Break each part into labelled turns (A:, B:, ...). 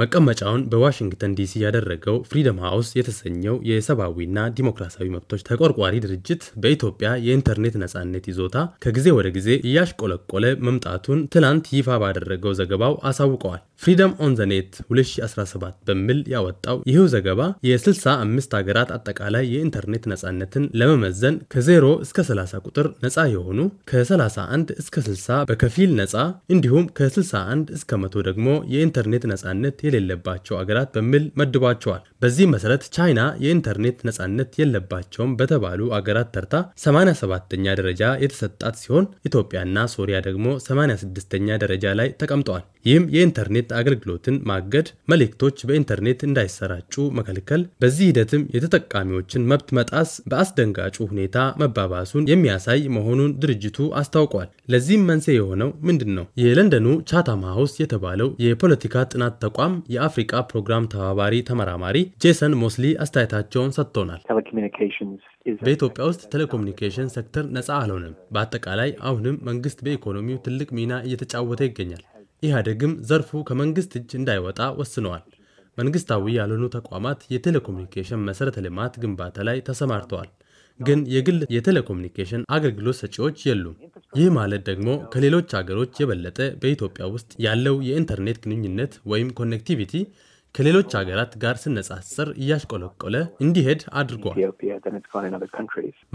A: መቀመጫውን በዋሽንግተን ዲሲ ያደረገው ፍሪደም ሃውስ የተሰኘው የሰብአዊና ዲሞክራሲያዊ መብቶች ተቆርቋሪ ድርጅት በኢትዮጵያ የኢንተርኔት ነጻነት ይዞታ ከጊዜ ወደ ጊዜ እያሽቆለቆለ መምጣቱን ትናንት ይፋ ባደረገው ዘገባው አሳውቀዋል። ፍሪደም ኦን ዘ ኔት 2017 በሚል ያወጣው ይህው ዘገባ የ65 ሀገራት አጠቃላይ የኢንተርኔት ነፃነትን ለመመዘን ከ0 እስከ 30 ቁጥር ነፃ የሆኑ ከ31 እስከ 60 በከፊል ነፃ እንዲሁም ከ61 እስከ 100 ደግሞ የኢንተርኔት ነፃነት የሌለባቸው አገራት በሚል መድቧቸዋል። በዚህ መሰረት ቻይና የኢንተርኔት ነፃነት የለባቸውም በተባሉ አገራት ተርታ 87ኛ ደረጃ የተሰጣት ሲሆን ኢትዮጵያና ሶሪያ ደግሞ 86ኛ ደረጃ ላይ ተቀምጠዋል። ይህም የኢንተርኔት የኢንተርኔት አገልግሎትን ማገድ፣ መልእክቶች በኢንተርኔት እንዳይሰራጩ መከልከል፣ በዚህ ሂደትም የተጠቃሚዎችን መብት መጣስ በአስደንጋጩ ሁኔታ መባባሱን የሚያሳይ መሆኑን ድርጅቱ አስታውቋል። ለዚህም መንስኤ የሆነው ምንድን ነው? የለንደኑ ቻታም ሃውስ የተባለው የፖለቲካ ጥናት ተቋም የአፍሪቃ ፕሮግራም ተባባሪ ተመራማሪ ጄሰን ሞስሊ አስተያየታቸውን ሰጥቶናል። በኢትዮጵያ ውስጥ ቴሌኮሙኒኬሽን ሴክተር ነፃ አልሆነም። በአጠቃላይ አሁንም መንግስት በኢኮኖሚው ትልቅ ሚና እየተጫወተ ይገኛል። ኢህአዴግም ዘርፉ ከመንግስት እጅ እንዳይወጣ ወስነዋል። መንግስታዊ ያልሆኑ ተቋማት የቴሌኮሙኒኬሽን መሰረተ ልማት ግንባታ ላይ ተሰማርተዋል። ግን የግል የቴሌኮሙኒኬሽን አገልግሎት ሰጪዎች የሉም። ይህ ማለት ደግሞ ከሌሎች አገሮች የበለጠ በኢትዮጵያ ውስጥ ያለው የኢንተርኔት ግንኙነት ወይም ኮኔክቲቪቲ ከሌሎች ሀገራት ጋር ስነጻጽር እያሽቆለቆለ እንዲሄድ አድርጓል።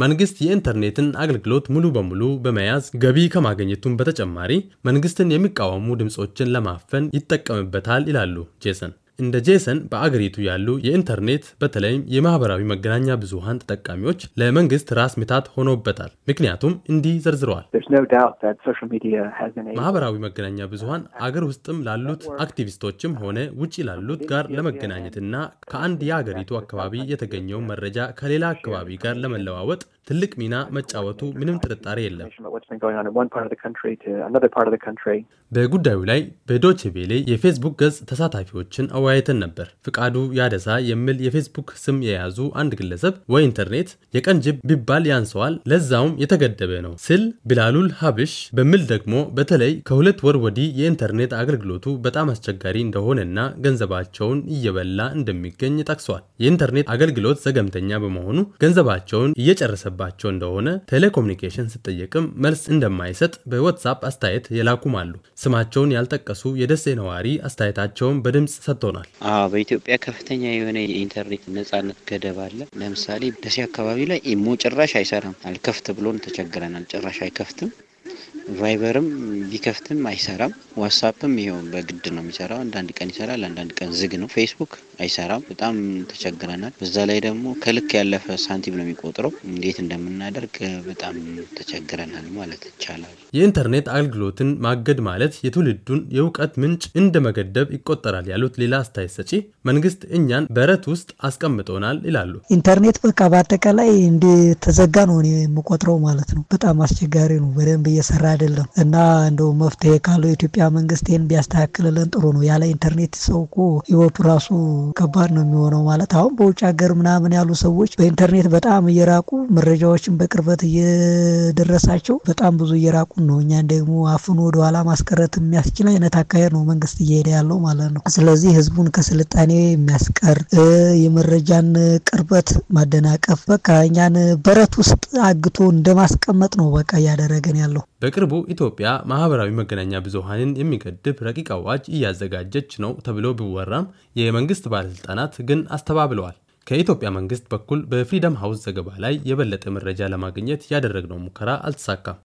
A: መንግስት የኢንተርኔትን አገልግሎት ሙሉ በሙሉ በመያዝ ገቢ ከማግኘቱም በተጨማሪ መንግስትን የሚቃወሙ ድምፆችን ለማፈን ይጠቀምበታል ይላሉ ጄሰን። እንደ ጄሰን በአገሪቱ ያሉ የኢንተርኔት በተለይም የማህበራዊ መገናኛ ብዙሃን ተጠቃሚዎች ለመንግስት ራስ ምታት ሆኖበታል። ምክንያቱም እንዲህ ዘርዝረዋል። ማህበራዊ መገናኛ ብዙሃን አገር ውስጥም ላሉት አክቲቪስቶችም ሆነ ውጭ ላሉት ጋር ለመገናኘትና ከአንድ የአገሪቱ አካባቢ የተገኘውን መረጃ ከሌላ አካባቢ ጋር ለመለዋወጥ ትልቅ ሚና መጫወቱ ምንም ጥርጣሬ የለም። በጉዳዩ ላይ በዶቼ ቬሌ የፌስቡክ ገጽ ተሳታፊዎችን ተወያይተን ነበር። ፍቃዱ ያደሳ የሚል የፌስቡክ ስም የያዙ አንድ ግለሰብ ወይ ኢንተርኔት የቀን ጅብ ቢባል ያንሰዋል፣ ለዛውም የተገደበ ነው ስል ቢላሉል ሀብሽ በሚል ደግሞ በተለይ ከሁለት ወር ወዲህ የኢንተርኔት አገልግሎቱ በጣም አስቸጋሪ እንደሆነና ገንዘባቸውን እየበላ እንደሚገኝ ጠቅሷል። የኢንተርኔት አገልግሎት ዘገምተኛ በመሆኑ ገንዘባቸውን እየጨረሰባቸው እንደሆነ ቴሌኮሙኒኬሽን ስጠየቅም መልስ እንደማይሰጥ በዋትሳፕ አስተያየት የላኩም አሉ። ስማቸውን ያልጠቀሱ የደሴ ነዋሪ አስተያየታቸውን በድምፅ ሰጥቶ
B: ይሆናል። በኢትዮጵያ ከፍተኛ የሆነ የኢንተርኔት ነጻነት ገደብ አለ። ለምሳሌ ደሴ አካባቢ ላይ ኢሞ ጭራሽ አይሰራም። አልከፍት ብሎን ተቸግረናል። ጭራሽ አይከፍትም። ቫይበርም ቢከፍትም አይሰራም። ዋትሳፕም ይኸው በግድ ነው የሚሰራው። አንዳንድ ቀን ይሰራል፣ አንዳንድ ቀን ዝግ ነው። ፌስቡክ አይሰራም። በጣም ተቸግረናል። በዛ ላይ ደግሞ ከልክ ያለፈ ሳንቲም ነው የሚቆጥረው። እንዴት እንደምናደርግ በጣም ተቸግረናል ማለት ይቻላል።
A: የኢንተርኔት አገልግሎትን ማገድ ማለት የትውልዱን የእውቀት ምንጭ እንደ መገደብ ይቆጠራል ያሉት ሌላ አስተያየት ሰጪ መንግስት እኛን በረት ውስጥ አስቀምጦናል ይላሉ።
B: ኢንተርኔት በቃ በአጠቃላይ እንደተዘጋ ነው የምቆጥረው ማለት ነው። በጣም አስቸጋሪ ነው። በደንብ እየሰራ አይደለም እና እንደው መፍትሄ ካለው የኢትዮጵያ መንግስት ይህን ቢያስተካክልልን ጥሩ ነው። ያለ ኢንተርኔት ሰው እኮ ህይወቱ ራሱ ከባድ ነው የሚሆነው። ማለት አሁን በውጭ ሀገር ምናምን ያሉ ሰዎች በኢንተርኔት በጣም እየራቁ መረጃዎችን በቅርበት እየደረሳቸው በጣም ብዙ እየራቁ ነው። እኛን ደግሞ አፍኖ ወደኋላ ማስቀረት የሚያስችል አይነት አካሄድ ነው መንግስት እየሄደ ያለው ማለት ነው። ስለዚህ ህዝቡን ከስልጣኔ የሚያስቀር የመረጃን ቅርበት ማደናቀፍ፣ በቃ እኛን በረት ውስጥ አግቶ እንደማስቀመጥ ነው በቃ እያደረገን ያለው።
A: በቅርቡ ኢትዮጵያ ማህበራዊ መገናኛ ብዙሀንን የሚገድብ ረቂቅ አዋጅ እያዘጋጀች ነው ተብሎ ቢወራም የመንግስት ባለስልጣናት ግን አስተባብለዋል። ከኢትዮጵያ መንግስት በኩል በፍሪደም ሃውስ ዘገባ ላይ የበለጠ መረጃ ለማግኘት ያደረግነው ሙከራ አልተሳካም።